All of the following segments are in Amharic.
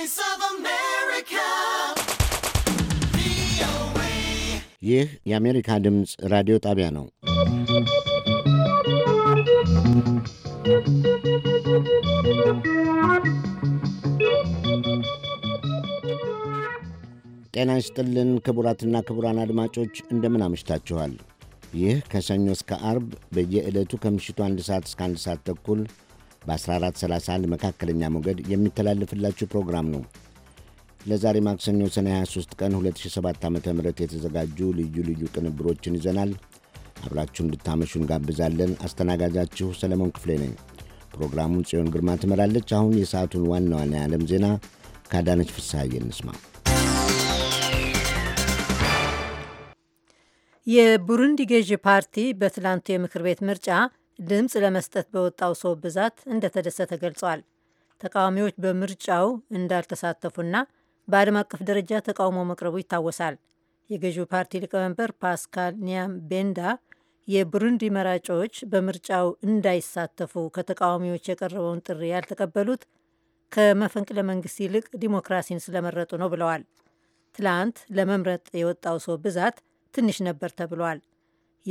Voice ይህ የአሜሪካ ድምፅ ራዲዮ ጣቢያ ነው። ጤና ይስጥልን ክቡራትና ክቡራን አድማጮች እንደምን አምሽታችኋል። ይህ ከሰኞ እስከ አርብ በየዕለቱ ከምሽቱ አንድ ሰዓት እስከ አንድ ሰዓት ተኩል በ1431 መካከለኛ ሞገድ የሚተላለፍላችሁ ፕሮግራም ነው። ለዛሬ ማክሰኞ ሰኔ 23 ቀን 2007 ዓ ም የተዘጋጁ ልዩ ልዩ ቅንብሮችን ይዘናል። አብራችሁ እንድታመሹ እንጋብዛለን። አስተናጋጃችሁ ሰለሞን ክፍሌ ነኝ። ፕሮግራሙን ጽዮን ግርማ ትመራለች። አሁን የሰዓቱን ዋና ዋና የዓለም ዜና ከአዳነች ፍስሐዬ እንስማ። የቡሩንዲ ገዢ ፓርቲ በትላንቱ የምክር ቤት ምርጫ ድምፅ ለመስጠት በወጣው ሰው ብዛት እንደተደሰተ ገልጿል። ተቃዋሚዎች በምርጫው እንዳልተሳተፉና በዓለም አቀፍ ደረጃ ተቃውሞ መቅረቡ ይታወሳል። የገዢው ፓርቲ ሊቀመንበር ፓስካል ኒያም ቤንዳ የብሩንዲ መራጮች በምርጫው እንዳይሳተፉ ከተቃዋሚዎች የቀረበውን ጥሪ ያልተቀበሉት ከመፈንቅለ መንግስት ይልቅ ዲሞክራሲን ስለመረጡ ነው ብለዋል። ትላንት ለመምረጥ የወጣው ሰው ብዛት ትንሽ ነበር ተብሏል።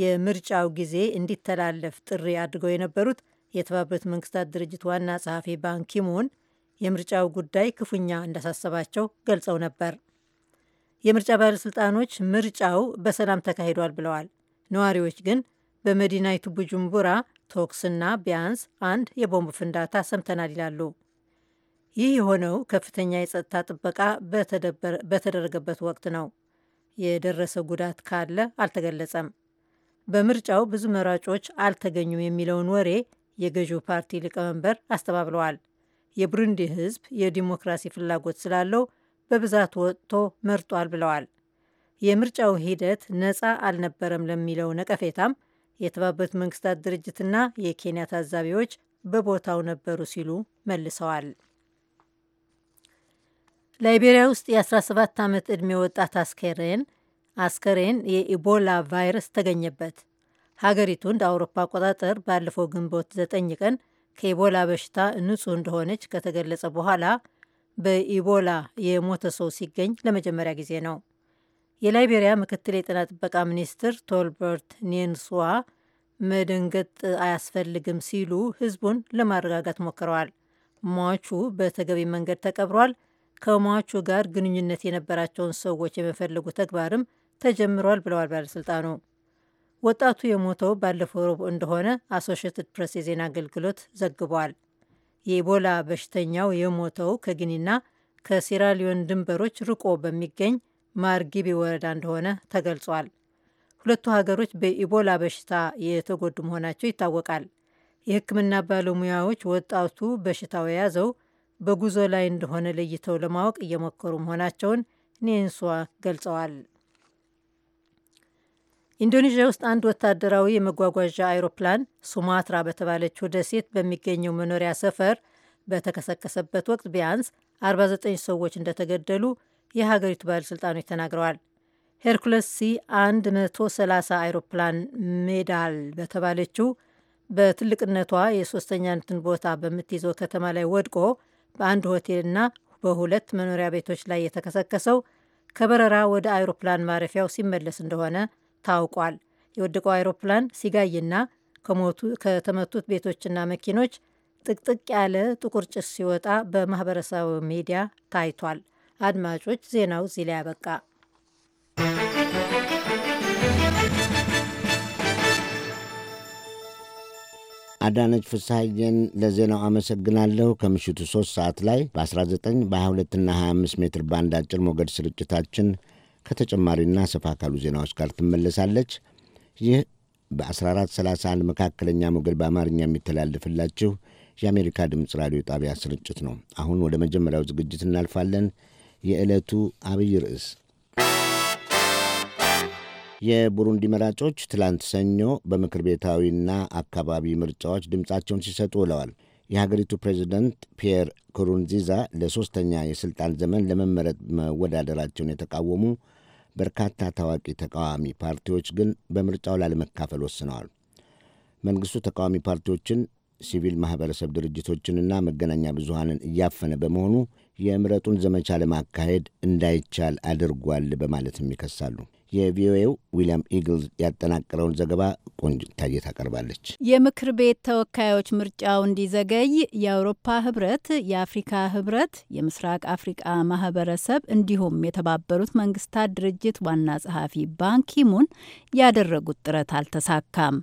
የምርጫው ጊዜ እንዲተላለፍ ጥሪ አድርገው የነበሩት የተባበሩት መንግስታት ድርጅት ዋና ጸሐፊ ባንኪሙን የምርጫው ጉዳይ ክፉኛ እንዳሳሰባቸው ገልጸው ነበር። የምርጫ ባለሥልጣኖች ምርጫው በሰላም ተካሂዷል ብለዋል። ነዋሪዎች ግን በመዲናይቱ ቡጁምቡራ ቶክስና ቢያንስ አንድ የቦምብ ፍንዳታ ሰምተናል ይላሉ። ይህ የሆነው ከፍተኛ የጸጥታ ጥበቃ በተደረገበት ወቅት ነው። የደረሰ ጉዳት ካለ አልተገለጸም። በምርጫው ብዙ መራጮች አልተገኙም የሚለውን ወሬ የገዢው ፓርቲ ሊቀመንበር አስተባብለዋል። የብሩንዲ ሕዝብ የዲሞክራሲ ፍላጎት ስላለው በብዛት ወጥቶ መርጧል ብለዋል። የምርጫው ሂደት ነፃ አልነበረም ለሚለው ነቀፌታም የተባበሩት መንግስታት ድርጅትና የኬንያ ታዛቢዎች በቦታው ነበሩ ሲሉ መልሰዋል። ላይቤሪያ ውስጥ የ17 ዓመት ዕድሜ ወጣት አስከሬን አስከሬን የኢቦላ ቫይረስ ተገኘበት። ሀገሪቱ እንደ አውሮፓ አቆጣጠር ባለፈው ግንቦት ዘጠኝ ቀን ከኢቦላ በሽታ ንጹህ እንደሆነች ከተገለጸ በኋላ በኢቦላ የሞተ ሰው ሲገኝ ለመጀመሪያ ጊዜ ነው። የላይቤሪያ ምክትል የጤና ጥበቃ ሚኒስትር ቶልበርት ኔንስዋ መደንገጥ አያስፈልግም ሲሉ ህዝቡን ለማረጋጋት ሞክረዋል። ሟቹ በተገቢ መንገድ ተቀብሯል። ከሟቹ ጋር ግንኙነት የነበራቸውን ሰዎች የመፈለጉ ተግባርም ተጀምሯል ብለዋል ባለሥልጣኑ። ወጣቱ የሞተው ባለፈው ረቡዕ እንደሆነ አሶሽትድ ፕሬስ የዜና አገልግሎት ዘግቧል። የኢቦላ በሽተኛው የሞተው ከጊኒና ከሴራሊዮን ድንበሮች ርቆ በሚገኝ ማርጊቢ ወረዳ እንደሆነ ተገልጿል። ሁለቱ ሀገሮች በኢቦላ በሽታ የተጎዱ መሆናቸው ይታወቃል። የሕክምና ባለሙያዎች ወጣቱ በሽታው የያዘው በጉዞ ላይ እንደሆነ ለይተው ለማወቅ እየሞከሩ መሆናቸውን ኔንሷ ገልጸዋል። ኢንዶኔዥያ ውስጥ አንድ ወታደራዊ የመጓጓዣ አይሮፕላን ሱማትራ በተባለችው ደሴት በሚገኘው መኖሪያ ሰፈር በተከሰከሰበት ወቅት ቢያንስ 49 ሰዎች እንደተገደሉ የሀገሪቱ ባለሥልጣኖች ተናግረዋል። ሄርኩለስ ሲ 130 አይሮፕላን ሜዳል በተባለችው በትልቅነቷ የሶስተኛነትን ቦታ በምትይዘው ከተማ ላይ ወድቆ በአንድ ሆቴልና በሁለት መኖሪያ ቤቶች ላይ የተከሰከሰው ከበረራ ወደ አይሮፕላን ማረፊያው ሲመለስ እንደሆነ ታውቋል። የወደቀው አይሮፕላን ሲጋይና ከተመቱት ቤቶችና መኪኖች ጥቅጥቅ ያለ ጥቁር ጭስ ሲወጣ በማህበረሰብ ሚዲያ ታይቷል። አድማጮች፣ ዜናው እዚህ ላይ ያበቃ። አዳነች ፍስሐዬን ለዜናው አመሰግናለሁ። ከምሽቱ 3 ሰዓት ላይ በ19 በ22ና 25 ሜትር ባንድ አጭር ሞገድ ስርጭታችን ከተጨማሪና ሰፋ ካሉ ዜናዎች ጋር ትመለሳለች። ይህ በ1431 መካከለኛ ሞገድ በአማርኛ የሚተላልፍላችሁ የአሜሪካ ድምፅ ራዲዮ ጣቢያ ስርጭት ነው። አሁን ወደ መጀመሪያው ዝግጅት እናልፋለን። የዕለቱ አብይ ርዕስ የቡሩንዲ መራጮች ትላንት ሰኞ በምክር ቤታዊና አካባቢ ምርጫዎች ድምፃቸውን ሲሰጡ ውለዋል። የሀገሪቱ ፕሬዚደንት ፒየር ኩሩንዚዛ ለሦስተኛ የሥልጣን ዘመን ለመመረጥ መወዳደራቸውን የተቃወሙ በርካታ ታዋቂ ተቃዋሚ ፓርቲዎች ግን በምርጫው ላለመካፈል ወስነዋል። መንግሥቱ ተቃዋሚ ፓርቲዎችን፣ ሲቪል ማኅበረሰብ ድርጅቶችንና መገናኛ ብዙሃንን እያፈነ በመሆኑ የምረጡን ዘመቻ ለማካሄድ እንዳይቻል አድርጓል በማለትም ይከሳሉ። የቪኦኤው ዊልያም ኢግልዝ ያጠናቀረውን ዘገባ ቆንጅታየ ታቀርባለች። የምክር ቤት ተወካዮች ምርጫው እንዲዘገይ የአውሮፓ ህብረት፣ የአፍሪካ ህብረት፣ የምስራቅ አፍሪቃ ማህበረሰብ እንዲሁም የተባበሩት መንግስታት ድርጅት ዋና ጸሐፊ ባንኪሙን ያደረጉት ጥረት አልተሳካም።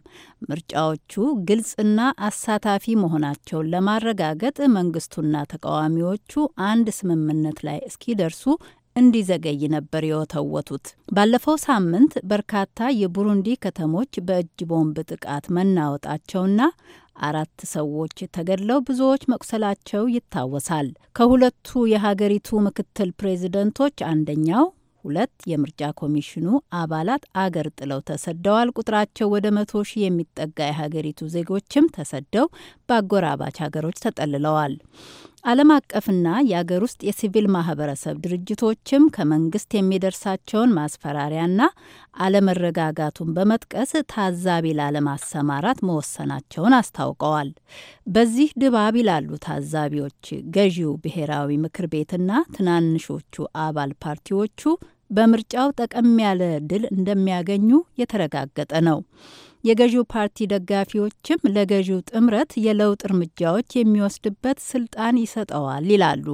ምርጫዎቹ ግልጽና አሳታፊ መሆናቸውን ለማረጋገጥ መንግስቱና ተቃዋሚዎቹ አንድ ስምምነት ላይ እስኪደርሱ እንዲዘገይ ነበር የወተወቱት። ባለፈው ሳምንት በርካታ የቡሩንዲ ከተሞች በእጅ ቦምብ ጥቃት መናወጣቸውና አራት ሰዎች ተገድለው ብዙዎች መቁሰላቸው ይታወሳል። ከሁለቱ የሀገሪቱ ምክትል ፕሬዚደንቶች አንደኛው ሁለት የምርጫ ኮሚሽኑ አባላት አገር ጥለው ተሰደዋል። ቁጥራቸው ወደ መቶ ሺህ የሚጠጋ የሀገሪቱ ዜጎችም ተሰደው በአጎራባች ሀገሮች ተጠልለዋል። ዓለም አቀፍና የአገር ውስጥ የሲቪል ማህበረሰብ ድርጅቶችም ከመንግስት የሚደርሳቸውን ማስፈራሪያና አለመረጋጋቱን በመጥቀስ ታዛቢ ላለማሰማራት መወሰናቸውን አስታውቀዋል። በዚህ ድባብ ይላሉ ታዛቢዎች፣ ገዢው ብሔራዊ ምክር ቤትና ትናንሾቹ አባል ፓርቲዎቹ በምርጫው ጠቀም ያለ ድል እንደሚያገኙ የተረጋገጠ ነው። የገዢው ፓርቲ ደጋፊዎችም ለገዢው ጥምረት የለውጥ እርምጃዎች የሚወስድበት ስልጣን ይሰጠዋል ይላሉ።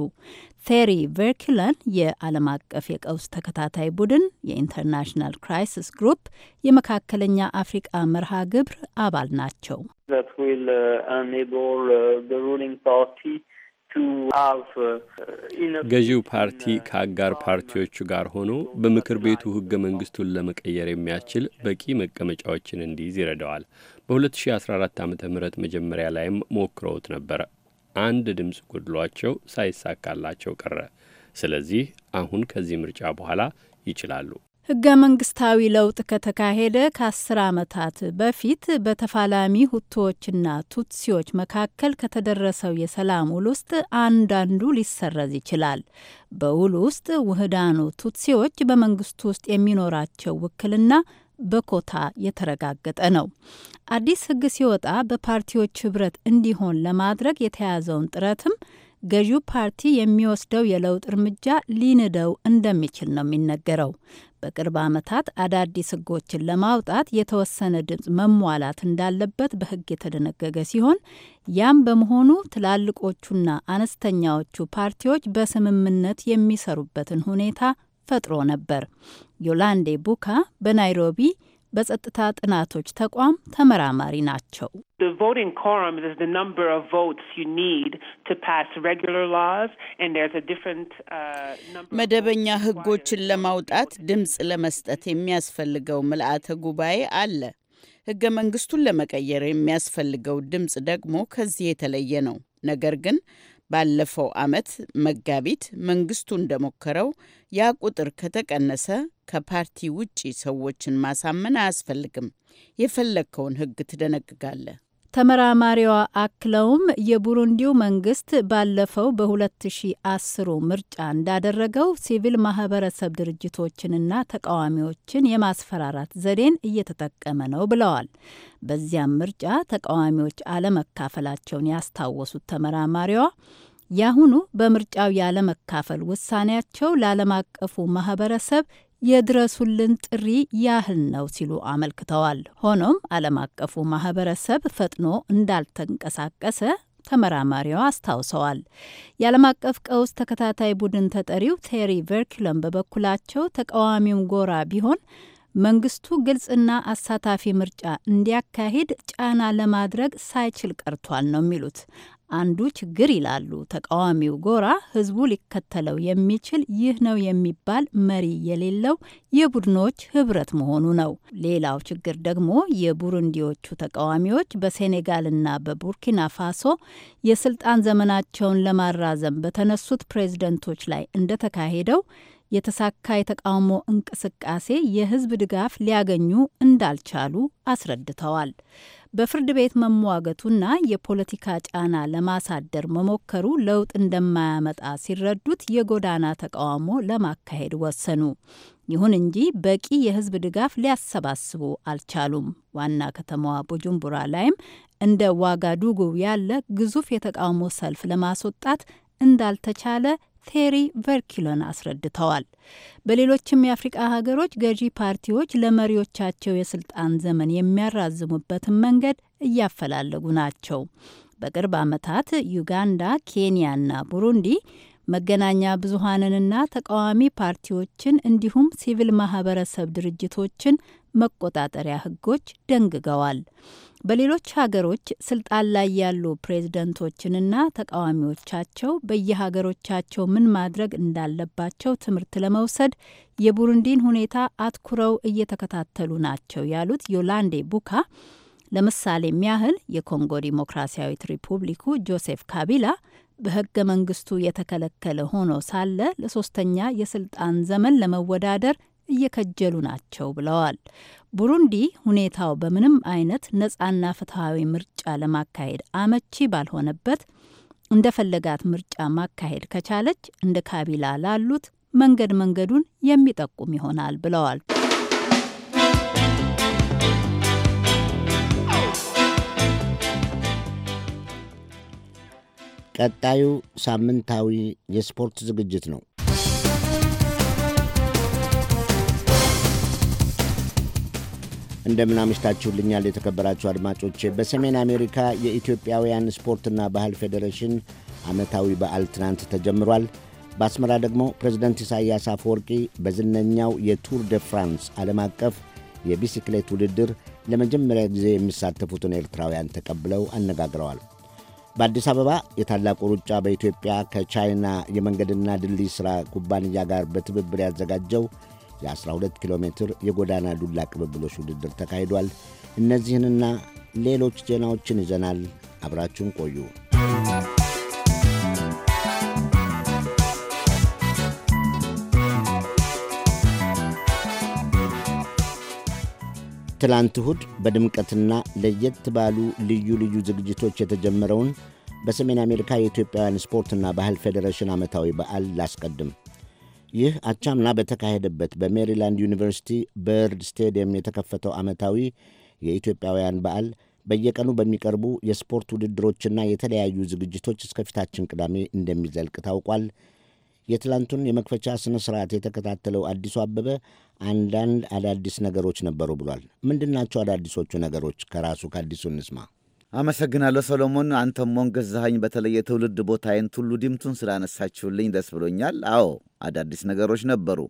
ቴሪ ቨርኪለን የዓለም አቀፍ የቀውስ ተከታታይ ቡድን የኢንተርናሽናል ክራይሲስ ግሩፕ የመካከለኛ አፍሪቃ መርሃ ግብር አባል ናቸው። uh, uh, ገዢው ፓርቲ ከአጋር ፓርቲዎቹ ጋር ሆኖ በምክር ቤቱ ህገ መንግስቱን ለመቀየር የሚያስችል በቂ መቀመጫዎችን እንዲይዝ ይረዳዋል። በ2014 ዓ ም መጀመሪያ ላይም ሞክረውት ነበር። አንድ ድምፅ ጎድሏቸው ሳይሳካላቸው ቀረ። ስለዚህ አሁን ከዚህ ምርጫ በኋላ ይችላሉ። ህገ መንግስታዊ ለውጥ ከተካሄደ ከአስር ዓመታት በፊት በተፋላሚ ሁቶዎችና ቱትሲዎች መካከል ከተደረሰው የሰላም ውል ውስጥ አንዳንዱ ሊሰረዝ ይችላል። በውል ውስጥ ውህዳኑ ቱትሲዎች በመንግስቱ ውስጥ የሚኖራቸው ውክልና በኮታ የተረጋገጠ ነው። አዲስ ህግ ሲወጣ በፓርቲዎች ህብረት እንዲሆን ለማድረግ የተያዘውን ጥረትም ገዢው ፓርቲ የሚወስደው የለውጥ እርምጃ ሊንደው እንደሚችል ነው የሚነገረው። በቅርብ ዓመታት አዳዲስ ህጎችን ለማውጣት የተወሰነ ድምፅ መሟላት እንዳለበት በህግ የተደነገገ ሲሆን ያም በመሆኑ ትላልቆቹና አነስተኛዎቹ ፓርቲዎች በስምምነት የሚሰሩበትን ሁኔታ ፈጥሮ ነበር። ዮላንዴ ቡካ በናይሮቢ በጸጥታ ጥናቶች ተቋም ተመራማሪ ናቸው። uh, መደበኛ ሕጎችን ለማውጣት ድምፅ ለመስጠት የሚያስፈልገው ምልአተ ጉባኤ አለ። ሕገ መንግስቱን ለመቀየር የሚያስፈልገው ድምፅ ደግሞ ከዚህ የተለየ ነው። ነገር ግን ባለፈው ዓመት መጋቢት መንግስቱ እንደሞከረው ያ ቁጥር ከተቀነሰ ከፓርቲ ውጪ ሰዎችን ማሳመን አያስፈልግም። የፈለግከውን ህግ ትደነግጋለህ። ተመራማሪዋ አክለውም የቡሩንዲው መንግስት ባለፈው በ2010 ምርጫ እንዳደረገው ሲቪል ማህበረሰብ ድርጅቶችንና ተቃዋሚዎችን የማስፈራራት ዘዴን እየተጠቀመ ነው ብለዋል። በዚያም ምርጫ ተቃዋሚዎች አለመካፈላቸውን ያስታወሱት ተመራማሪዋ ያሁኑ በምርጫው ያለመካፈል ውሳኔያቸው ለዓለም አቀፉ ማህበረሰብ የድረሱልን ጥሪ ያህል ነው ሲሉ አመልክተዋል። ሆኖም ዓለም አቀፉ ማህበረሰብ ፈጥኖ እንዳልተንቀሳቀሰ ተመራማሪዋ አስታውሰዋል። የዓለም አቀፍ ቀውስ ተከታታይ ቡድን ተጠሪው ቴሪ ቨርኪለም በበኩላቸው ተቃዋሚውም ጎራ ቢሆን መንግስቱ ግልጽና አሳታፊ ምርጫ እንዲያካሂድ ጫና ለማድረግ ሳይችል ቀርቷል ነው የሚሉት። አንዱ ችግር ይላሉ ተቃዋሚው ጎራ ህዝቡ ሊከተለው የሚችል ይህ ነው የሚባል መሪ የሌለው የቡድኖች ህብረት መሆኑ ነው። ሌላው ችግር ደግሞ የቡሩንዲዎቹ ተቃዋሚዎች በሴኔጋልና በቡርኪና ፋሶ የስልጣን ዘመናቸውን ለማራዘም በተነሱት ፕሬዝደንቶች ላይ እንደተካሄደው የተሳካ የተቃውሞ እንቅስቃሴ የህዝብ ድጋፍ ሊያገኙ እንዳልቻሉ አስረድተዋል። በፍርድ ቤት መሟገቱና የፖለቲካ ጫና ለማሳደር መሞከሩ ለውጥ እንደማያመጣ ሲረዱት የጎዳና ተቃውሞ ለማካሄድ ወሰኑ። ይሁን እንጂ በቂ የህዝብ ድጋፍ ሊያሰባስቡ አልቻሉም። ዋና ከተማዋ ቡጁምቡራ ላይም እንደ ዋጋዱጉ ያለ ግዙፍ የተቃውሞ ሰልፍ ለማስወጣት እንዳልተቻለ ቴሪ ቨርኪሎን አስረድተዋል። በሌሎችም የአፍሪቃ ሀገሮች ገዢ ፓርቲዎች ለመሪዎቻቸው የስልጣን ዘመን የሚያራዝሙበትን መንገድ እያፈላለጉ ናቸው። በቅርብ ዓመታት ዩጋንዳ፣ ኬንያና ቡሩንዲ መገናኛ ብዙሃንንና ተቃዋሚ ፓርቲዎችን እንዲሁም ሲቪል ማህበረሰብ ድርጅቶችን መቆጣጠሪያ ህጎች ደንግገዋል። በሌሎች ሀገሮች ስልጣን ላይ ያሉ ፕሬዝደንቶችንና ተቃዋሚዎቻቸው በየሀገሮቻቸው ምን ማድረግ እንዳለባቸው ትምህርት ለመውሰድ የቡሩንዲን ሁኔታ አትኩረው እየተከታተሉ ናቸው ያሉት ዮላንዴ ቡካ ለምሳሌም ያህል የኮንጎ ዲሞክራሲያዊት ሪፑብሊኩ ጆሴፍ ካቢላ በህገ መንግስቱ የተከለከለ ሆኖ ሳለ ለሶስተኛ የስልጣን ዘመን ለመወዳደር እየከጀሉ ናቸው ብለዋል። ቡሩንዲ ሁኔታው በምንም አይነት ነጻና ፍትሐዊ ምርጫ ለማካሄድ አመቺ ባልሆነበት እንደ ፈለጋት ምርጫ ማካሄድ ከቻለች እንደ ካቢላ ላሉት መንገድ መንገዱን የሚጠቁም ይሆናል ብለዋል። ቀጣዩ ሳምንታዊ የስፖርት ዝግጅት ነው። እንደምን አምሽታችሁልኛል የተከበራችሁ አድማጮቼ። በሰሜን አሜሪካ የኢትዮጵያውያን ስፖርትና ባህል ፌዴሬሽን ዓመታዊ በዓል ትናንት ተጀምሯል። በአስመራ ደግሞ ፕሬዝደንት ኢሳያስ አፈወርቂ በዝነኛው የቱር ደ ፍራንስ ዓለም አቀፍ የቢሲክሌት ውድድር ለመጀመሪያ ጊዜ የሚሳተፉትን ኤርትራውያን ተቀብለው አነጋግረዋል። በአዲስ አበባ የታላቁ ሩጫ በኢትዮጵያ ከቻይና የመንገድና ድልድይ ሥራ ኩባንያ ጋር በትብብር ያዘጋጀው የ12 ኪሎ ሜትር የጎዳና ዱላ ቅብብሎች ውድድር ተካሂዷል። እነዚህንና ሌሎች ዜናዎችን ይዘናል። አብራችሁን ቆዩ። ትላንት እሁድ በድምቀትና ለየት ባሉ ልዩ ልዩ ዝግጅቶች የተጀመረውን በሰሜን አሜሪካ የኢትዮጵያውያን ስፖርትና ባህል ፌዴሬሽን ዓመታዊ በዓል ላስቀድም። ይህ አቻምና በተካሄደበት በሜሪላንድ ዩኒቨርሲቲ በርድ ስቴዲየም የተከፈተው ዓመታዊ የኢትዮጵያውያን በዓል በየቀኑ በሚቀርቡ የስፖርት ውድድሮችና የተለያዩ ዝግጅቶች እስከፊታችን ቅዳሜ እንደሚዘልቅ ታውቋል። የትላንቱን የመክፈቻ ስነ ስርዓት የተከታተለው አዲሱ አበበ አንዳንድ አዳዲስ ነገሮች ነበሩ ብሏል። ምንድናቸው አዳዲሶቹ ነገሮች? ከራሱ ከአዲሱ እንስማ። አመሰግናለሁ ሰሎሞን። አንተም ሞን ገዛኸኝ፣ በተለይ የትውልድ ቦታዬን ቱሉ ዲምቱን ስላነሳችሁልኝ ደስ ብሎኛል። አዎ አዳዲስ ነገሮች ነበሩ።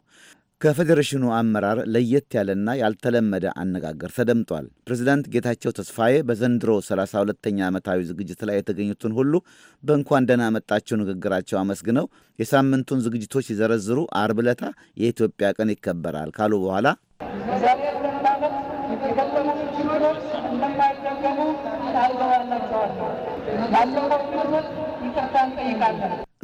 ከፌዴሬሽኑ አመራር ለየት ያለና ያልተለመደ አነጋገር ተደምጧል። ፕሬዚዳንት ጌታቸው ተስፋዬ በዘንድሮ 32 ተኛ ዓመታዊ ዝግጅት ላይ የተገኙትን ሁሉ በእንኳን ደህና መጣችሁ ንግግራቸው አመስግነው የሳምንቱን ዝግጅቶች ሲዘረዝሩ አርብ ዕለታ የኢትዮጵያ ቀን ይከበራል ካሉ በኋላ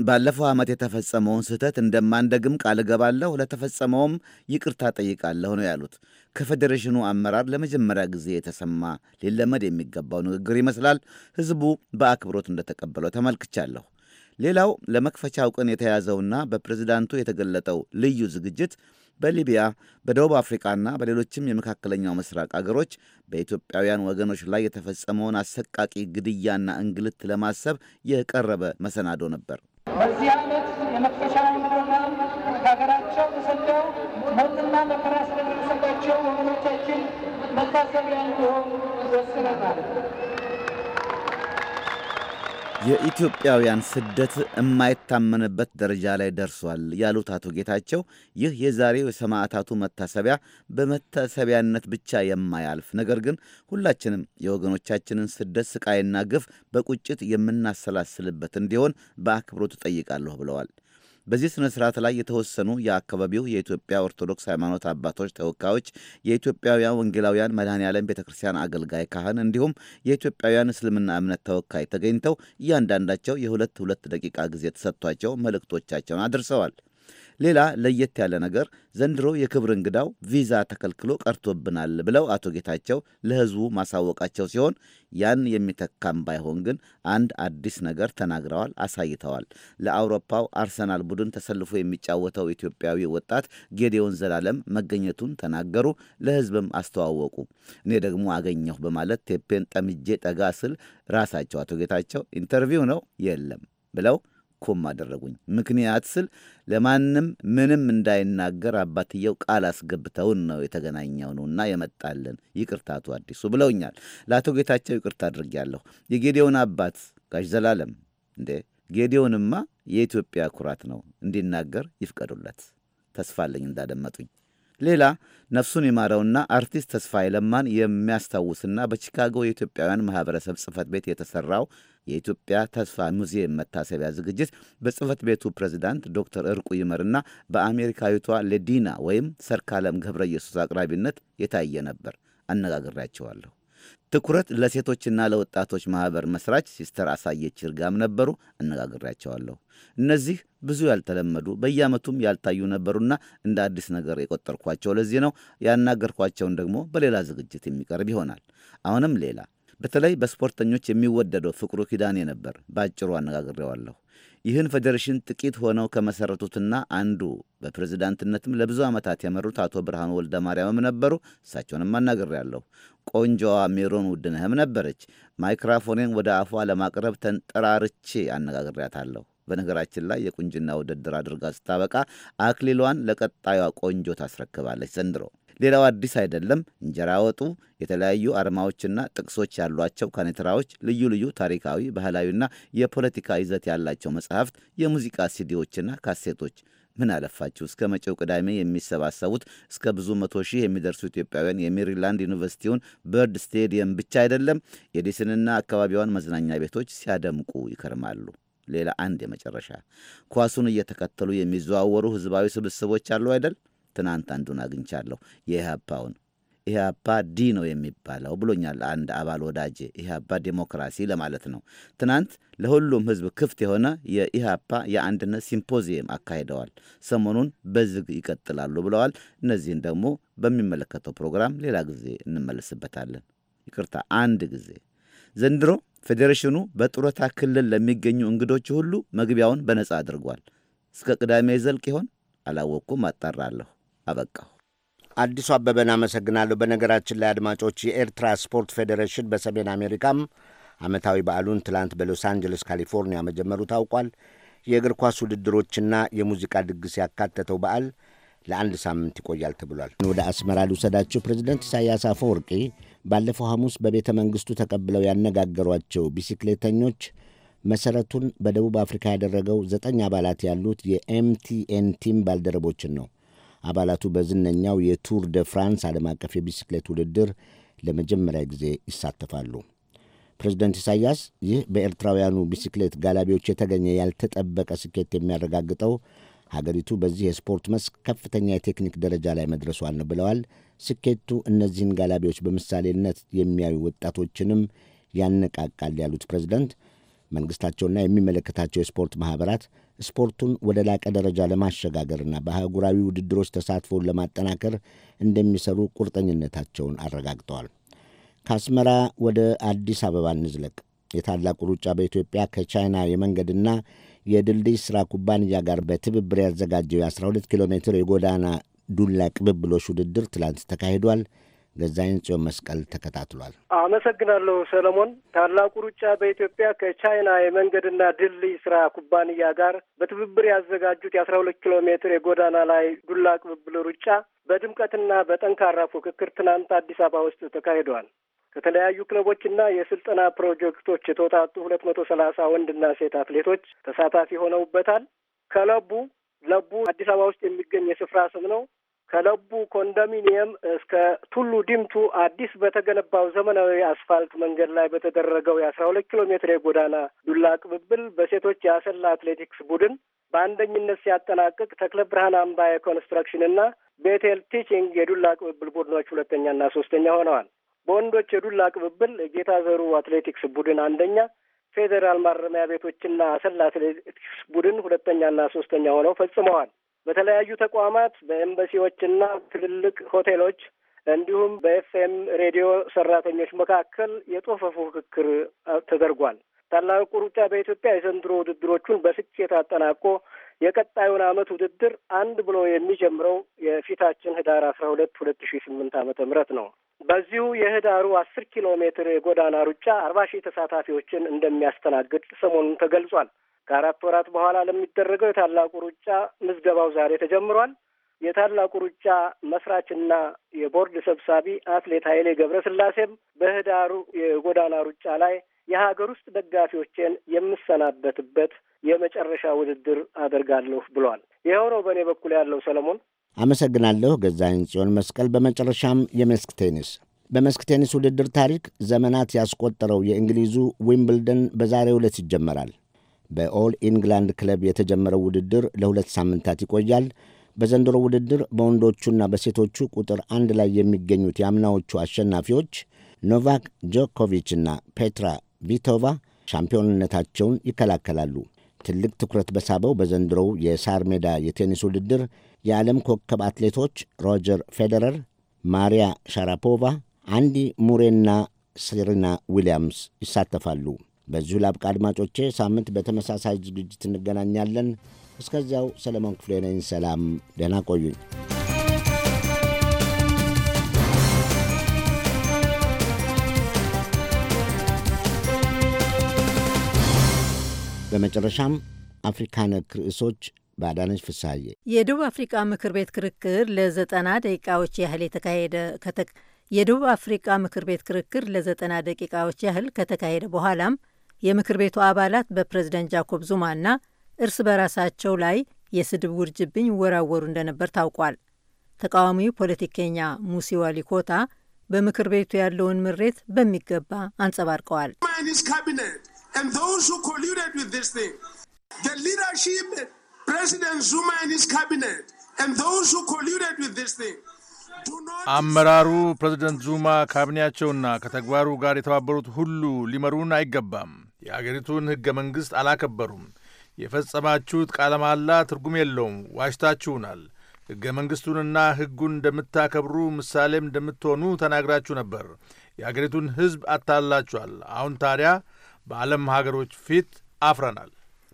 ባለፈው ዓመት የተፈጸመውን ስህተት እንደማንደግም ቃል እገባለሁ፣ ለተፈጸመውም ይቅርታ ጠይቃለሁ ነው ያሉት። ከፌዴሬሽኑ አመራር ለመጀመሪያ ጊዜ የተሰማ ሊለመድ የሚገባው ንግግር ይመስላል። ሕዝቡ በአክብሮት እንደተቀበለው ተመልክቻለሁ። ሌላው ለመክፈቻው ቀን የተያዘውና በፕሬዝዳንቱ የተገለጠው ልዩ ዝግጅት በሊቢያ በደቡብ አፍሪካና በሌሎችም የመካከለኛው ምስራቅ አገሮች በኢትዮጵያውያን ወገኖች ላይ የተፈጸመውን አሰቃቂ ግድያና እንግልት ለማሰብ የቀረበ መሰናዶ ነበር። በዚህ ዓመት የመክፈቻ ፕሮግራም ከሀገራቸው ተሰደው ሞትና መከራ ስለደረሰባቸው ወገኖቻችን መታሰቢያ እንዲሆን ወስነናል። የኢትዮጵያውያን ስደት የማይታመንበት ደረጃ ላይ ደርሷል ያሉት አቶ ጌታቸው ይህ የዛሬው የሰማዕታቱ መታሰቢያ በመታሰቢያነት ብቻ የማያልፍ ነገር ግን ሁላችንም የወገኖቻችንን ስደት ስቃይና ግፍ በቁጭት የምናሰላስልበት እንዲሆን በአክብሮት እጠይቃለሁ ብለዋል። በዚህ ስነ ስርዓት ላይ የተወሰኑ የአካባቢው የኢትዮጵያ ኦርቶዶክስ ሃይማኖት አባቶች ተወካዮች፣ የኢትዮጵያውያን ወንጌላውያን መድኃኔዓለም ቤተ ክርስቲያን አገልጋይ ካህን እንዲሁም የኢትዮጵያውያን እስልምና እምነት ተወካይ ተገኝተው እያንዳንዳቸው የሁለት ሁለት ደቂቃ ጊዜ ተሰጥቷቸው መልእክቶቻቸውን አድርሰዋል። ሌላ ለየት ያለ ነገር ዘንድሮ የክብር እንግዳው ቪዛ ተከልክሎ ቀርቶብናል ብለው አቶ ጌታቸው ለሕዝቡ ማሳወቃቸው ሲሆን ያን የሚተካም ባይሆን ግን አንድ አዲስ ነገር ተናግረዋል፣ አሳይተዋል። ለአውሮፓው አርሰናል ቡድን ተሰልፎ የሚጫወተው ኢትዮጵያዊ ወጣት ጌዲዮን ዘላለም መገኘቱን ተናገሩ፣ ለሕዝብም አስተዋወቁ። እኔ ደግሞ አገኘሁ በማለት ቴፔን ጠምጄ ጠጋ ስል ራሳቸው አቶ ጌታቸው ኢንተርቪው ነው የለም ብለው ማኮም አደረጉኝ። ምክንያት ስል ለማንም ምንም እንዳይናገር አባትየው ቃል አስገብተውን ነው የተገናኘው ነውና የመጣልን ይቅርታቱ አዲሱ ብለውኛል። ለአቶ ጌታቸው ይቅርታ አድርጌያለሁ። የጌዲዮን አባት ጋሽ ዘላለም እንዴ ጌዲዮንማ የኢትዮጵያ ኩራት ነው እንዲናገር ይፍቀዱለት። ተስፋለኝ እንዳደመጡኝ። ሌላ ነፍሱን ይማረውና አርቲስት ተስፋዬ ለማን የሚያስታውስና በቺካጎ የኢትዮጵያውያን ማኅበረሰብ ጽፈት ቤት የተሠራው የኢትዮጵያ ተስፋ ሙዚየም መታሰቢያ ዝግጅት በጽህፈት ቤቱ ፕሬዚዳንት ዶክተር እርቁ ይመርና በአሜሪካዊቷ ሌዲና ወይም ሰርካለም ገብረ ኢየሱስ አቅራቢነት የታየ ነበር። አነጋግሬያቸዋለሁ። ትኩረት ለሴቶችና ለወጣቶች ማኅበር መስራች ሲስተር አሳየች ይርጋም ነበሩ። አነጋግሬያቸዋለሁ። እነዚህ ብዙ ያልተለመዱ በየዓመቱም ያልታዩ ነበሩና እንደ አዲስ ነገር የቆጠርኳቸው ለዚህ ነው። ያናገርኳቸውን ደግሞ በሌላ ዝግጅት የሚቀርብ ይሆናል። አሁንም ሌላ በተለይ በስፖርተኞች የሚወደደው ፍቅሩ ኪዳኔ ነበር። በአጭሩ አነጋግሬዋለሁ። ይህን ፌዴሬሽን ጥቂት ሆነው ከመሠረቱትና አንዱ በፕሬዝዳንትነትም ለብዙ ዓመታት የመሩት አቶ ብርሃኑ ወልደ ማርያምም ነበሩ። እሳቸውንም አናግሬያለሁ። ቆንጆዋ ሜሮን ውድነህም ነበረች። ማይክራፎኔን ወደ አፏ ለማቅረብ ተንጠራርቼ አነጋግሬያታለሁ። በነገራችን ላይ የቁንጅና ውድድር አድርጋ ስታበቃ አክሊሏን ለቀጣዩዋ ቆንጆ ታስረክባለች ዘንድሮ ሌላው አዲስ አይደለም። እንጀራ ወጡ የተለያዩ አርማዎችና ጥቅሶች ያሏቸው ካኔትራዎች፣ ልዩ ልዩ ታሪካዊ፣ ባህላዊና የፖለቲካ ይዘት ያላቸው መጽሐፍት፣ የሙዚቃ ሲዲዎችና ካሴቶች ምን አለፋችሁ እስከ መጪው ቅዳሜ የሚሰባሰቡት እስከ ብዙ መቶ ሺህ የሚደርሱ ኢትዮጵያውያን የሜሪላንድ ዩኒቨርሲቲውን በርድ ስቴዲየም ብቻ አይደለም የዲስንና አካባቢዋን መዝናኛ ቤቶች ሲያደምቁ ይከርማሉ። ሌላ አንድ የመጨረሻ ኳሱን እየተከተሉ የሚዘዋወሩ ህዝባዊ ስብስቦች አሉ አይደል? ትናንት አንዱን አግኝቻለሁ። የኢህአፓውን ኢህአፓ ዲ ነው የሚባለው ብሎኛል አንድ አባል ወዳጄ። ኢህአፓ ዴሞክራሲ ለማለት ነው። ትናንት ለሁሉም ህዝብ ክፍት የሆነ የኢህአፓ የአንድነት ሲምፖዚየም አካሂደዋል። ሰሞኑን በዝግ ይቀጥላሉ ብለዋል። እነዚህን ደግሞ በሚመለከተው ፕሮግራም ሌላ ጊዜ እንመለስበታለን። ይቅርታ፣ አንድ ጊዜ ዘንድሮ ፌዴሬሽኑ በጡረታ ክልል ለሚገኙ እንግዶች ሁሉ መግቢያውን በነጻ አድርጓል። እስከ ቅዳሜ ዘልቅ ይሆን? አላወቅኩም፣ አጣራለሁ። አበቃሁ። አዲሱ አበበን አመሰግናለሁ። በነገራችን ላይ አድማጮች፣ የኤርትራ ስፖርት ፌዴሬሽን በሰሜን አሜሪካም ዓመታዊ በዓሉን ትላንት በሎስ አንጀለስ ካሊፎርኒያ መጀመሩ ታውቋል። የእግር ኳስ ውድድሮችና የሙዚቃ ድግስ ያካተተው በዓል ለአንድ ሳምንት ይቆያል ተብሏል። ወደ አስመራ ልውሰዳቸው። ፕሬዚደንት ኢሳያስ አፈወርቂ ባለፈው ሐሙስ በቤተ መንግሥቱ ተቀብለው ያነጋገሯቸው ቢሲክሌተኞች መሠረቱን በደቡብ አፍሪካ ያደረገው ዘጠኝ አባላት ያሉት የኤምቲኤን ቲም ባልደረቦችን ነው። አባላቱ በዝነኛው የቱር ደ ፍራንስ ዓለም አቀፍ የቢስክሌት ውድድር ለመጀመሪያ ጊዜ ይሳተፋሉ። ፕሬዚደንት ኢሳያስ ይህ በኤርትራውያኑ ቢስክሌት ጋላቢዎች የተገኘ ያልተጠበቀ ስኬት የሚያረጋግጠው ሀገሪቱ በዚህ የስፖርት መስክ ከፍተኛ የቴክኒክ ደረጃ ላይ መድረሷን ነው ብለዋል። ስኬቱ እነዚህን ጋላቢዎች በምሳሌነት የሚያዩ ወጣቶችንም ያነቃቃል ያሉት ፕሬዚደንት መንግስታቸውና የሚመለከታቸው የስፖርት ማኅበራት ስፖርቱን ወደ ላቀ ደረጃ ለማሸጋገርና በአህጉራዊ ውድድሮች ተሳትፎውን ለማጠናከር እንደሚሰሩ ቁርጠኝነታቸውን አረጋግጠዋል። ከአስመራ ወደ አዲስ አበባ እንዝለቅ። የታላቁ ሩጫ በኢትዮጵያ ከቻይና የመንገድና የድልድይ ሥራ ኩባንያ ጋር በትብብር ያዘጋጀው የ12 ኪሎ ሜትር የጎዳና ዱላ ቅብብሎች ውድድር ትላንት ተካሂዷል። ገዛይን ጽዮን መስቀል ተከታትሏል። አመሰግናለሁ ሰለሞን። ታላቁ ሩጫ በኢትዮጵያ ከቻይና የመንገድና ድልድይ ስራ ኩባንያ ጋር በትብብር ያዘጋጁት የአስራ ሁለት ኪሎ ሜትር የጎዳና ላይ ዱላ ቅብብል ሩጫ በድምቀትና በጠንካራ ፉክክር ትናንት አዲስ አበባ ውስጥ ተካሂደዋል። ከተለያዩ ክለቦችና የስልጠና ፕሮጀክቶች የተውጣጡ ሁለት መቶ ሰላሳ ወንድና ሴት አትሌቶች ተሳታፊ ሆነውበታል። ከለቡ ለቡ አዲስ አበባ ውስጥ የሚገኝ የስፍራ ስም ነው። ከለቡ ኮንዶሚኒየም እስከ ቱሉ ዲምቱ አዲስ በተገነባው ዘመናዊ አስፋልት መንገድ ላይ በተደረገው የአስራ ሁለት ኪሎ ሜትር የጎዳና ዱላ ቅብብል በሴቶች የአሰላ አትሌቲክስ ቡድን በአንደኝነት ሲያጠናቅቅ ተክለ ብርሃን አምባ የኮንስትራክሽን እና ቤቴል ቲቺንግ የዱላ ቅብብል ቡድኖች ሁለተኛና ሶስተኛ ሆነዋል። በወንዶች የዱላ ቅብብል ጌታ ዘሩ አትሌቲክስ ቡድን አንደኛ፣ ፌዴራል ማረሚያ ቤቶችና አሰላ አትሌቲክስ ቡድን ሁለተኛና ሶስተኛ ሆነው ፈጽመዋል። በተለያዩ ተቋማት በኤምባሲዎችና ትልልቅ ሆቴሎች እንዲሁም በኤፍኤም ሬዲዮ ሰራተኞች መካከል የጦፈ ፉክክር ተደርጓል። ታላቁ ሩጫ በኢትዮጵያ የዘንድሮ ውድድሮቹን በስኬት አጠናቆ የቀጣዩን ዓመት ውድድር አንድ ብሎ የሚጀምረው የፊታችን ህዳር አስራ ሁለት ሁለት ሺ ስምንት ዓመተ ምህረት ነው። በዚሁ የህዳሩ አስር ኪሎ ሜትር የጎዳና ሩጫ አርባ ሺህ ተሳታፊዎችን እንደሚያስተናግድ ሰሞኑን ተገልጿል። ከአራት ወራት በኋላ ለሚደረገው የታላቁ ሩጫ ምዝገባው ዛሬ ተጀምሯል። የታላቁ ሩጫ መስራችና የቦርድ ሰብሳቢ አትሌት ኃይሌ ገብረስላሴም በህዳሩ የጎዳና ሩጫ ላይ የሀገር ውስጥ ደጋፊዎቼን የምሰናበትበት የመጨረሻ ውድድር አደርጋለሁ ብሏል። ይኸው ነው በእኔ በኩል ያለው። ሰለሞን አመሰግናለሁ። ገዛኸኝ ጽዮን መስቀል። በመጨረሻም የመስክ ቴኒስ በመስክ ቴኒስ ውድድር ታሪክ ዘመናት ያስቆጠረው የእንግሊዙ ዊምብልደን በዛሬው ዕለት ይጀመራል። በኦል ኢንግላንድ ክለብ የተጀመረው ውድድር ለሁለት ሳምንታት ይቆያል። በዘንድሮ ውድድር በወንዶቹና በሴቶቹ ቁጥር አንድ ላይ የሚገኙት የአምናዎቹ አሸናፊዎች ኖቫክ ጆኮቪችና ፔትራ ቪቶቫ ሻምፒዮንነታቸውን ይከላከላሉ። ትልቅ ትኩረት በሳበው በዘንድሮው የሳር ሜዳ የቴኒስ ውድድር የዓለም ኮከብ አትሌቶች ሮጀር ፌዴረር፣ ማሪያ ሻራፖቫ፣ አንዲ ሙሬና ሴሪና ዊሊያምስ ይሳተፋሉ። በዚሁ ላብቃ። አድማጮቼ፣ ሳምንት በተመሳሳይ ዝግጅት እንገናኛለን። እስከዚያው ሰለሞን ክፍሌ ነኝ። ሰላም፣ ደህና ቆዩኝ። በመጨረሻም አፍሪካ ነክ ርዕሶች በአዳነች ፍሳዬ። የደቡብ አፍሪቃ ምክር ቤት ክርክር ለዘጠና ደቂቃዎች ያህል የተካሄደ የደቡብ አፍሪቃ ምክር ቤት ክርክር ለዘጠና ደቂቃዎች ያህል ከተካሄደ በኋላም የምክር ቤቱ አባላት በፕሬዝደንት ጃኮብ ዙማና እርስ በራሳቸው ላይ የስድብ ውርጅብኝ ይወራወሩ እንደነበር ታውቋል። ተቃዋሚው ፖለቲከኛ ሙሲዋ ሊኮታ በምክር ቤቱ ያለውን ምሬት በሚገባ አንጸባርቀዋል። አመራሩ ፕሬዝደንት ዙማ ካቢኔያቸውና ከተግባሩ ጋር የተባበሩት ሁሉ ሊመሩን አይገባም። የአገሪቱን ሕገ መንግሥት አላከበሩም። የፈጸማችሁት ቃለ መሐላ ትርጉም የለውም፣ ዋሽታችሁናል። ሕገ መንግሥቱንና ሕጉን እንደምታከብሩ ምሳሌም እንደምትሆኑ ተናግራችሁ ነበር። የአገሪቱን ሕዝብ አታላችኋል። አሁን ታዲያ በዓለም ሀገሮች ፊት አፍረናል።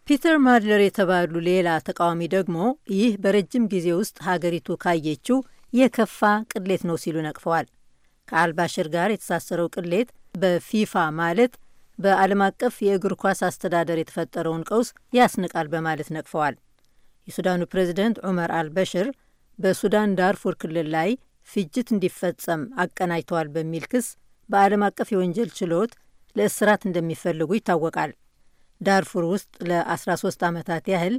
ፒተር ማድለር የተባሉ ሌላ ተቃዋሚ ደግሞ ይህ በረጅም ጊዜ ውስጥ ሀገሪቱ ካየችው የከፋ ቅሌት ነው ሲሉ ነቅፈዋል። ከአልባሽር ጋር የተሳሰረው ቅሌት በፊፋ ማለት በዓለም አቀፍ የእግር ኳስ አስተዳደር የተፈጠረውን ቀውስ ያስንቃል በማለት ነቅፈዋል። የሱዳኑ ፕሬዚደንት ዑመር አልበሽር በሱዳን ዳርፉር ክልል ላይ ፍጅት እንዲፈጸም አቀናጅተዋል በሚል ክስ በዓለም አቀፍ የወንጀል ችሎት ለእስራት እንደሚፈልጉ ይታወቃል። ዳርፉር ውስጥ ለ13 ዓመታት ያህል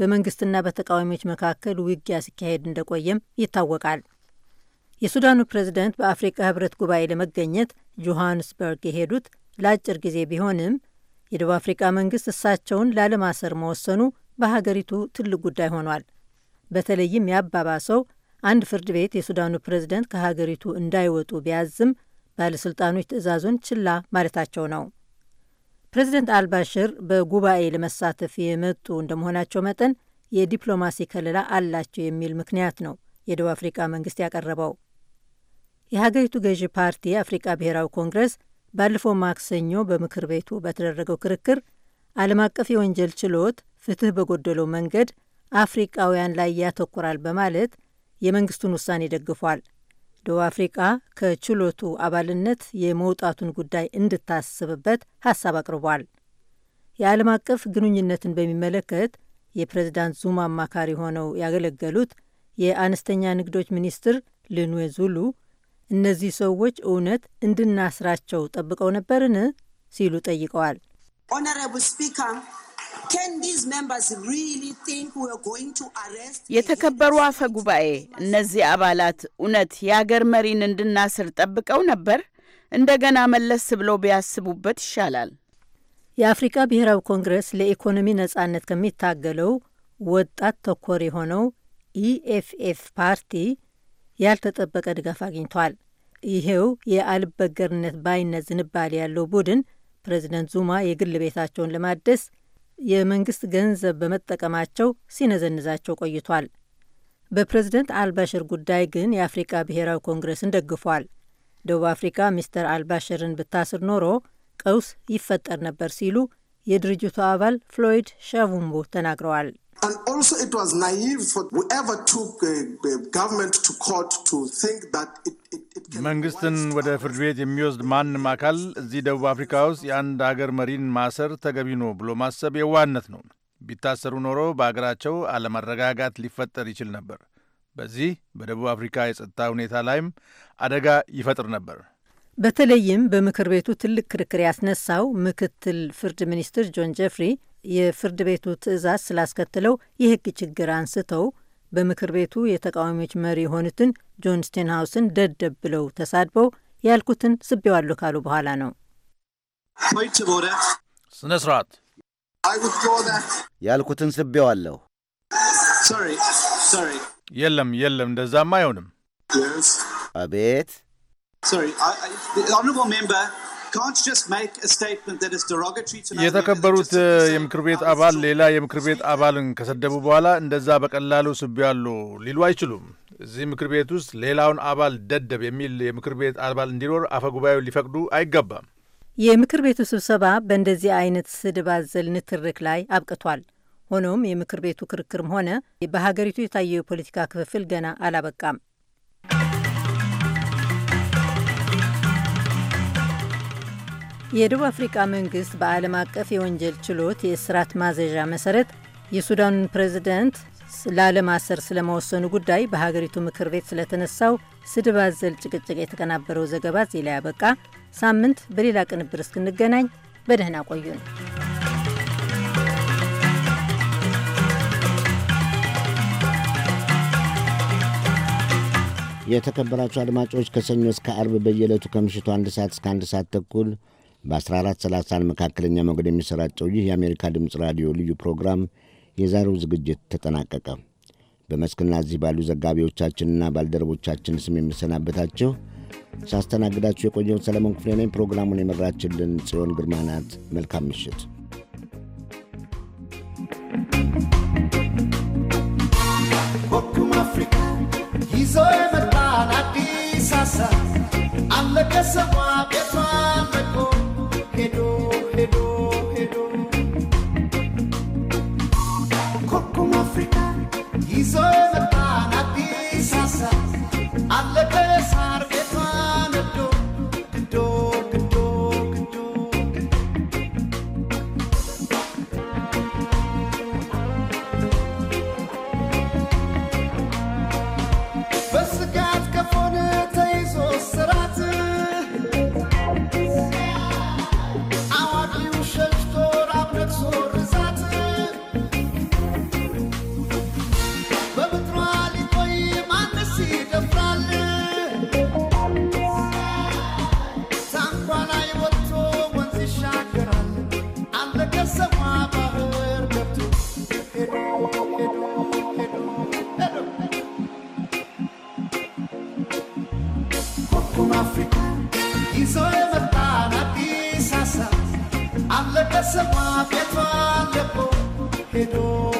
በመንግስትና በተቃዋሚዎች መካከል ውጊያ ሲካሄድ እንደቆየም ይታወቃል። የሱዳኑ ፕሬዚደንት በአፍሪካ ህብረት ጉባኤ ለመገኘት ጆሃንስበርግ የሄዱት ለአጭር ጊዜ ቢሆንም የደቡብ አፍሪካ መንግስት እሳቸውን ላለማሰር መወሰኑ በሀገሪቱ ትልቅ ጉዳይ ሆኗል። በተለይም ያባባሰው አንድ ፍርድ ቤት የሱዳኑ ፕሬዝደንት ከሀገሪቱ እንዳይወጡ ቢያዝም ባለሥልጣኖች ትዕዛዙን ችላ ማለታቸው ነው። ፕሬዝደንት አልባሽር በጉባኤ ለመሳተፍ የመጡ እንደመሆናቸው መጠን የዲፕሎማሲ ከለላ አላቸው የሚል ምክንያት ነው የደቡብ አፍሪካ መንግስት ያቀረበው። የሀገሪቱ ገዢ ፓርቲ የአፍሪቃ ብሔራዊ ኮንግረስ ባለፈው ማክሰኞ በምክር ቤቱ በተደረገው ክርክር ዓለም አቀፍ የወንጀል ችሎት ፍትህ በጎደለው መንገድ አፍሪቃውያን ላይ ያተኩራል በማለት የመንግስቱን ውሳኔ ደግፏል። ደቡብ አፍሪቃ ከችሎቱ አባልነት የመውጣቱን ጉዳይ እንድታስብበት ሀሳብ አቅርቧል። የዓለም አቀፍ ግንኙነትን በሚመለከት የፕሬዝዳንት ዙማ አማካሪ ሆነው ያገለገሉት የአነስተኛ ንግዶች ሚኒስትር ልንዌ ዙሉ እነዚህ ሰዎች እውነት እንድናስራቸው ጠብቀው ነበርን? ሲሉ ጠይቀዋል። የተከበሩ አፈ ጉባኤ፣ እነዚህ አባላት እውነት የአገር መሪን እንድናስር ጠብቀው ነበር? እንደገና መለስ ብለው ቢያስቡበት ይሻላል። የአፍሪካ ብሔራዊ ኮንግረስ ለኢኮኖሚ ነጻነት ከሚታገለው ወጣት ተኮር የሆነው ኢኤፍኤፍ e ፓርቲ ያልተጠበቀ ድጋፍ አግኝቷል። ይሄው የአልበገርነት ባይነት ዝንባሌ ያለው ቡድን ፕሬዚደንት ዙማ የግል ቤታቸውን ለማደስ የመንግስት ገንዘብ በመጠቀማቸው ሲነዘንዛቸው ቆይቷል። በፕሬዝደንት አልባሽር ጉዳይ ግን የአፍሪካ ብሔራዊ ኮንግረስን ደግፏል። ደቡብ አፍሪካ ሚስተር አልባሽርን ብታስር ኖሮ ቀውስ ይፈጠር ነበር ሲሉ የድርጅቱ አባል ፍሎይድ ሻቭምቡ ተናግረዋል። And also, it was naive for whoever took the uh, uh, government to court to think that it መንግስትን ወደ ፍርድ ቤት የሚወስድ ማንም አካል እዚህ ደቡብ አፍሪካ ውስጥ የአንድ አገር መሪን ማሰር ተገቢ ነው ብሎ ማሰብ የዋነት ነው። ቢታሰሩ ኖሮ በአገራቸው አለመረጋጋት ሊፈጠር ይችል ነበር። በዚህ በደቡብ አፍሪካ የጸጥታ ሁኔታ ላይም አደጋ ይፈጥር ነበር። በተለይም በምክር ቤቱ ትልቅ ክርክር ያስነሳው ምክትል ፍርድ ሚኒስትር ጆን ጀፍሪ የፍርድ ቤቱ ትዕዛዝ ስላስከትለው የህግ ችግር አንስተው በምክር ቤቱ የተቃዋሚዎች መሪ የሆኑትን ጆን ስቴንሃውስን ደደብ ብለው ተሳድበው ያልኩትን ስቤዋለሁ ካሉ በኋላ ነው። ስነ ስርዓት ያልኩትን ስቤዋለሁ። የለም የለም፣ እንደዛም አይሆንም። አቤት የተከበሩት የምክር ቤት አባል ሌላ የምክር ቤት አባልን ከሰደቡ በኋላ እንደዛ በቀላሉ ያሉ ሊሉ አይችሉም። እዚህ ምክር ቤት ውስጥ ሌላውን አባል ደደብ የሚል የምክር ቤት አባል እንዲኖር አፈጉባኤው ሊፈቅዱ አይገባም። የምክር ቤቱ ስብሰባ በእንደዚህ አይነት ስድብ አዘል ንትርክ ላይ አብቅቷል። ሆኖም የምክር ቤቱ ክርክርም ሆነ በሀገሪቱ የታየው የፖለቲካ ክፍፍል ገና አላበቃም። የደቡብ አፍሪቃ መንግስት በዓለም አቀፍ የወንጀል ችሎት የእስራት ማዘዣ መሰረት የሱዳኑን ፕሬዝደንት ላለማሰር ስለመወሰኑ ጉዳይ በሀገሪቱ ምክር ቤት ስለተነሳው ስድብ አዘል ጭቅጭቅ የተቀናበረው ዘገባ እዚህ ላይ ያበቃ። ሳምንት በሌላ ቅንብር እስክንገናኝ በደህና ቆዩን። የተከበራቸው አድማጮች ከሰኞ እስከ አርብ በየዕለቱ ከምሽቱ አንድ ሰዓት እስከ አንድ ሰዓት ተኩል በ1430 መካከለኛ ሞገድ የሚሰራጨው ይህ የአሜሪካ ድምፅ ራዲዮ ልዩ ፕሮግራም የዛሬው ዝግጅት ተጠናቀቀ። በመስክና እዚህ ባሉ ዘጋቢዎቻችንና ባልደረቦቻችን ስም የምሰናበታቸው ሳስተናግዳችሁ የቆየሁት ሰለሞን ክፍሌ ነኝ። ፕሮግራሙን የመራችልን ጽዮን ግርማ ናት። መልካም ምሽት። I'm the să mă de pot,